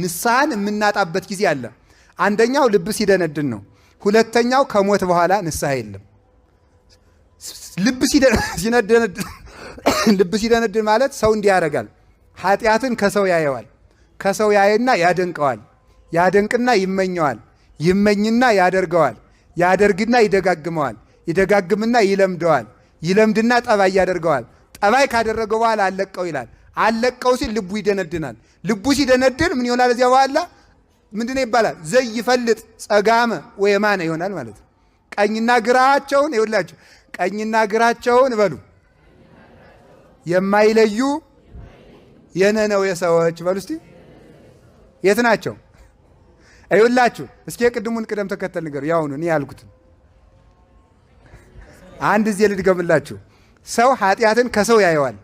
ንስሐን የምናጣበት ጊዜ አለ። አንደኛው ልብ ሲደነድን ነው። ሁለተኛው ከሞት በኋላ ንስሐ የለም። ልብ ሲደነድን ማለት ሰው እንዲህ ያደርጋል። ኃጢአትን ከሰው ያየዋል። ከሰው ያየና ያደንቀዋል። ያደንቅና ይመኘዋል። ይመኝና ያደርገዋል። ያደርግና ይደጋግመዋል። ይደጋግምና ይለምደዋል። ይለምድና ጠባይ ያደርገዋል። ጠባይ ካደረገው በኋላ አለቀው ይላል። አለቀው ሲል ልቡ ይደነድናል። ልቡ ሲደነድን ምን ይሆናል? እዚያ በኋላ ምንድን ይባላል? ይፈልጥ ጸጋመ ወየማነ ይሆናል ማለት ነው። ቀኝና ግራቸውን ይውላቸው፣ ቀኝና ግራቸውን በሉ የማይለዩ የነነው የሰዎች በሉ እስቲ የት ናቸው? ይውላችሁ እስኪ የቅድሙን ቅደም ተከተል ነገር ያውኑ እኔ ያልኩት አንድ እዚህ ልድገምላችሁ። ሰው ኃጢአትን ከሰው ያየዋል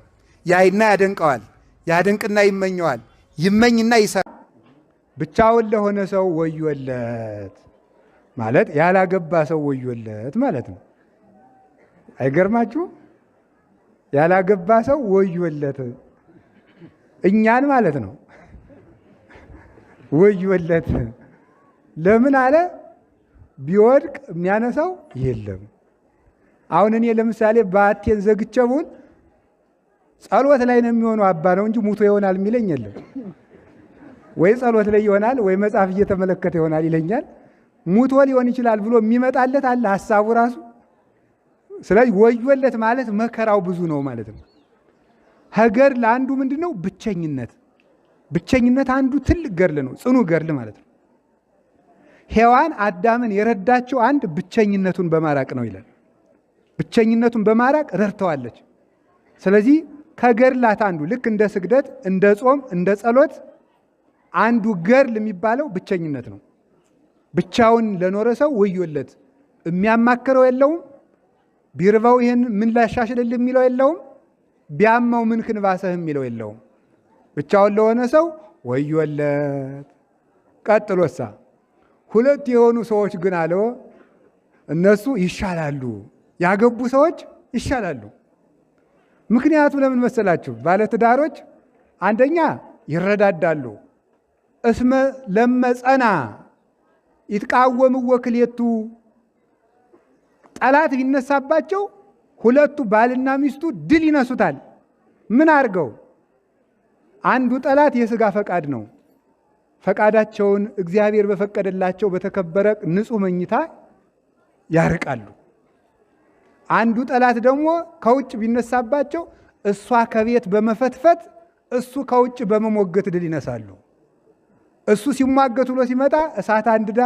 ያይና ያደንቀዋል፣ ያደንቅና ይመኘዋል፣ ይመኝና ይሰራል። ብቻውን ለሆነ ሰው ወዮለት ማለት ያላገባ ሰው ወዮለት ማለት ነው። አይገርማችሁ? ያላገባ ሰው ወዮለት እኛን ማለት ነው። ወዮለት ለምን አለ? ቢወድቅ የሚያነሳው የለም። አሁን እኔ ለምሳሌ ባቴን ዘግቼ ብውል ጸሎት ላይ ነው የሚሆነው አባ ነው እንጂ ሙቶ ይሆናል የሚለኝ የለም። ወይ ጸሎት ላይ ይሆናል ወይ መጽሐፍ እየተመለከተ ይሆናል ይለኛል። ሙቶ ሊሆን ይችላል ብሎ የሚመጣለት አለ ሀሳቡ ራሱ። ስለዚህ ወዮለት ማለት መከራው ብዙ ነው ማለት ነው። ሀገር ለአንዱ ምንድን ነው ብቸኝነት፣ ብቸኝነት አንዱ ትልቅ ገርል ነው፣ ጽኑ ገርል ማለት ነው። ሔዋን አዳምን የረዳቸው አንድ ብቸኝነቱን በማራቅ ነው ይላል። ብቸኝነቱን በማራቅ ረድተዋለች። ስለዚህ ከገድላት አንዱ ልክ እንደ ስግደት፣ እንደ ጾም፣ እንደ ጸሎት አንዱ ገድል የሚባለው ብቸኝነት ነው። ብቻውን ለኖረ ሰው ወዮለት። የሚያማክረው የለውም። ቢርበው ይህን ምን ላሻሽልል የሚለው የለውም። ቢያማው ምን ክንባሰህ የሚለው የለውም። ብቻውን ለሆነ ሰው ወዮለት። ቀጥሎሳ ሁለት የሆኑ ሰዎች ግን አለ እነሱ ይሻላሉ። ያገቡ ሰዎች ይሻላሉ። ምክንያቱ ለምን መሰላችሁ? ባለትዳሮች አንደኛ ይረዳዳሉ። እስመ ለመጸና ይትቃወም ወክሌቱ ጠላት ቢነሳባቸው ሁለቱ ባልና ሚስቱ ድል ይነሱታል። ምን አድርገው? አንዱ ጠላት የስጋ ፈቃድ ነው። ፈቃዳቸውን እግዚአብሔር በፈቀደላቸው በተከበረ ንጹህ መኝታ ያርቃሉ። አንዱ ጠላት ደግሞ ከውጭ ቢነሳባቸው እሷ ከቤት በመፈትፈት እሱ ከውጭ በመሞገት ድል ይነሳሉ። እሱ ሲሟገት ብሎ ሲመጣ እሳት አንድዳ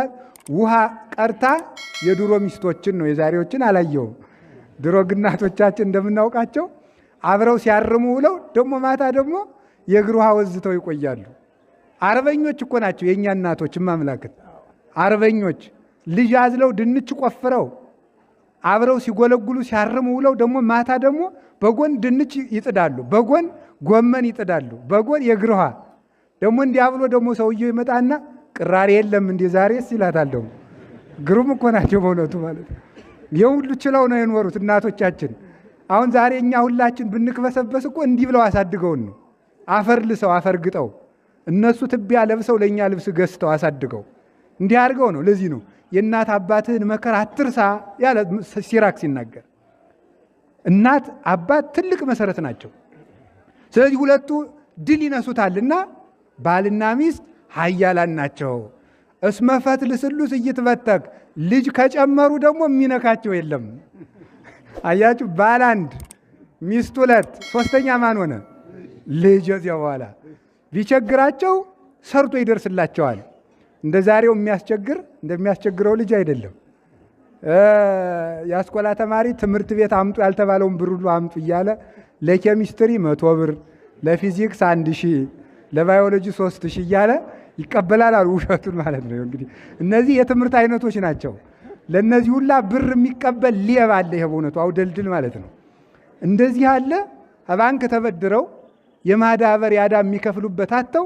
ውሃ ቀርታ የድሮ ሚስቶችን ነው የዛሬዎችን አላየውም። ድሮ ግናቶቻችን እንደምናውቃቸው አብረው ሲያርሙ ውለው ደግሞ ማታ ደግሞ የእግር ውሃ ወዝተው ይቆያሉ። አርበኞች እኮ ናቸው የእኛ እናቶች አርበኞች ልጅ አዝለው ድንች ቆፍረው አብረው ሲጎለጉሉ ሲያርሙ ውለው ደግሞ ማታ ደግሞ በጎን ድንች ይጥዳሉ፣ በጎን ጎመን ይጥዳሉ፣ በጎን የግርኋ ደግሞ እንዲህ አብሎ ደግሞ ሰውየው ይመጣና ቅራሬ የለም እንዲ ዛሬስ ይላታል። ደግሞ ግሩም እኮ ናቸው በእውነቱ ማለት ነው። ይህም ሁሉ ችለው ነው የኖሩት እናቶቻችን። አሁን ዛሬ እኛ ሁላችን ብንክበሰበስ እኮ እንዲህ ብለው አሳድገውን ነው አፈር ልሰው አፈርግጠው እነሱ ትቢያ ለብሰው ለእኛ ልብስ ገዝተው አሳድገው እንዲህ አድርገው ነው። ለዚህ ነው የእናት አባትህን መከራ አትርሳ ያለ ሲራክ ሲናገር እናት አባት ትልቅ መሰረት ናቸው። ስለዚህ ሁለቱ ድል ይነሱታልና ባልና ሚስት ሀያላን ናቸው። እስመፈት ልስሉስ እይትበተክ ልጅ ከጨመሩ ደግሞ የሚነካቸው የለም። አያችሁ፣ ባል አንድ ሚስት ሁለት፣ ሶስተኛ ማን ሆነ? ልጅ። እዚያ በኋላ ቢቸግራቸው ሰርቶ ይደርስላቸዋል። እንደ ዛሬው የሚያስቸግር እንደሚያስቸግረው ልጅ አይደለም። የአስኮላ ተማሪ ትምህርት ቤት አምጡ ያልተባለውን ብር ሁሉ አምጡ እያለ ለኬሚስትሪ መቶ ብር፣ ለፊዚክስ አንድ ሺህ፣ ለባዮሎጂ ሶስት ሺህ እያለ ይቀበላል አሉ። ውሸቱን ማለት ነው። እንግዲህ እነዚህ የትምህርት አይነቶች ናቸው። ለእነዚህ ሁላ ብር የሚቀበል ሌባ አለ። ይሄ በእውነቱ አውደልድል ማለት ነው። እንደዚህ አለ ባንክ ተበድረው የማዳበር ያዳ የሚከፍሉበት አተው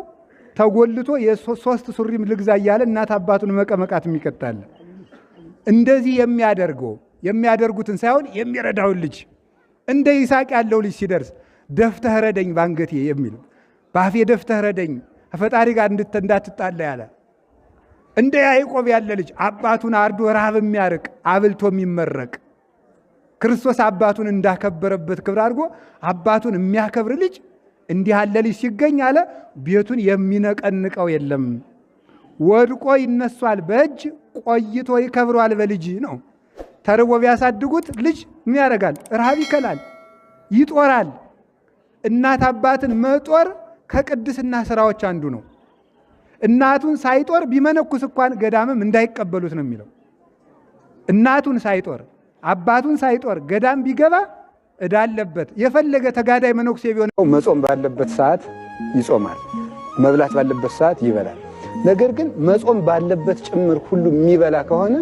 ተጎልቶ የሶስት ሱሪም ልግዛ እያለ እናት አባቱን መቀመቃት የሚቀጣል። እንደዚህ የሚያደርገው የሚያደርጉትን ሳይሆን የሚረዳውን ልጅ እንደ ይስሐቅ ያለው ልጅ ሲደርስ ደፍተህ ረደኝ ባንገቴ የሚል በአፌ ደፍተህ ረደኝ ከፈጣሪ ጋር እንዳትጣላ ያለ እንደ ያዕቆብ ያለ ልጅ አባቱን አርዶ ረሃብ የሚያርቅ አብልቶ የሚመረቅ ክርስቶስ አባቱን እንዳከበረበት ክብር አድርጎ አባቱን የሚያከብር ልጅ እንዲህ ያለ ልጅ ሲገኝ አለ ቤቱን የሚነቀንቀው የለም። ወድቆ ይነሷል በእጅ ቆይቶ ይከብረዋል በልጅ ነው። ተርቦ ቢያሳድጉት ልጅ ምን ያደርጋል? ረሃብ ይከላል፣ ይጦራል። እናት አባትን መጦር ከቅድስና ስራዎች አንዱ ነው። እናቱን ሳይጦር ቢመነኩስ እንኳን ገዳምም እንዳይቀበሉት ነው የሚለው። እናቱን ሳይጦር አባቱን ሳይጦር ገዳም ቢገባ እዳለበት የፈለገ ተጋዳይ መነኩሴ ቢሆን መጾም ባለበት ሰዓት ይጾማል፣ መብላት ባለበት ሰዓት ይበላል። ነገር ግን መጾም ባለበት ጭምር ሁሉ የሚበላ ከሆነ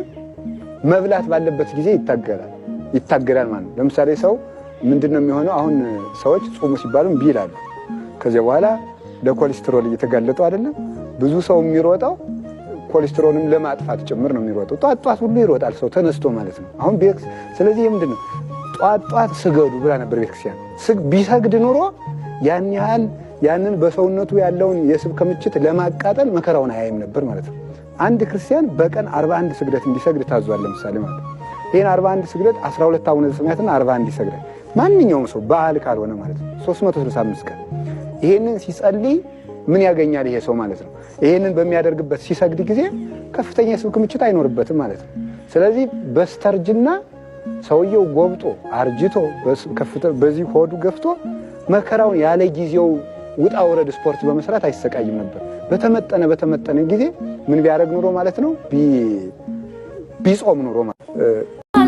መብላት ባለበት ጊዜ ይታገላል ይታገላል ማለት ነው። ለምሳሌ ሰው ምንድን ነው የሚሆነው? አሁን ሰዎች ጾሙ ሲባሉ እምቢ ይላሉ። ከዚያ በኋላ ለኮሌስትሮል እየተጋለጡ አይደለም። ብዙ ሰው የሚሮጠው ኮሌስትሮልም ለማጥፋት ጭምር ነው የሚሮጠው። ጧት ጧት ሁሉ ይሮጣል ሰው ተነስቶ ማለት ነው። አሁን ስለዚህ ምንድን ነው ጧት ጧት ስገዱ ብላ ነበር ቤተክርስቲያን። ቢሰግድ ኑሮ ያን ያህል ያንን በሰውነቱ ያለውን የስብ ክምችት ለማቃጠል መከራውን አያይም ነበር ማለት ነው። አንድ ክርስቲያን በቀን 41 ስግደት እንዲሰግድ ታዟል። ለምሳሌ ማለት ይህን 41 ስግደት 12 አቡነ ዘበሰማያትና 41 ይሰግዳል። ማንኛውም ሰው በዓል ካልሆነ ማለት ነው 365 ቀን ይሄንን ሲጸልይ ምን ያገኛል ይሄ ሰው ማለት ነው። ይሄንን በሚያደርግበት ሲሰግድ ጊዜ ከፍተኛ የስብ ክምችት አይኖርበትም ማለት ነው። ስለዚህ በስተርጅና ሰውየው ጎብጦ አርጅቶ በዚህ ሆዱ ገፍቶ መከራውን ያለ ጊዜው ውጣ ውረድ ስፖርት በመስራት አይሰቃይም ነበር። በተመጠነ በተመጠነ ጊዜ ምን ቢያደርግ ኑሮ ማለት ነው ቢጾም ኑሮ ማለት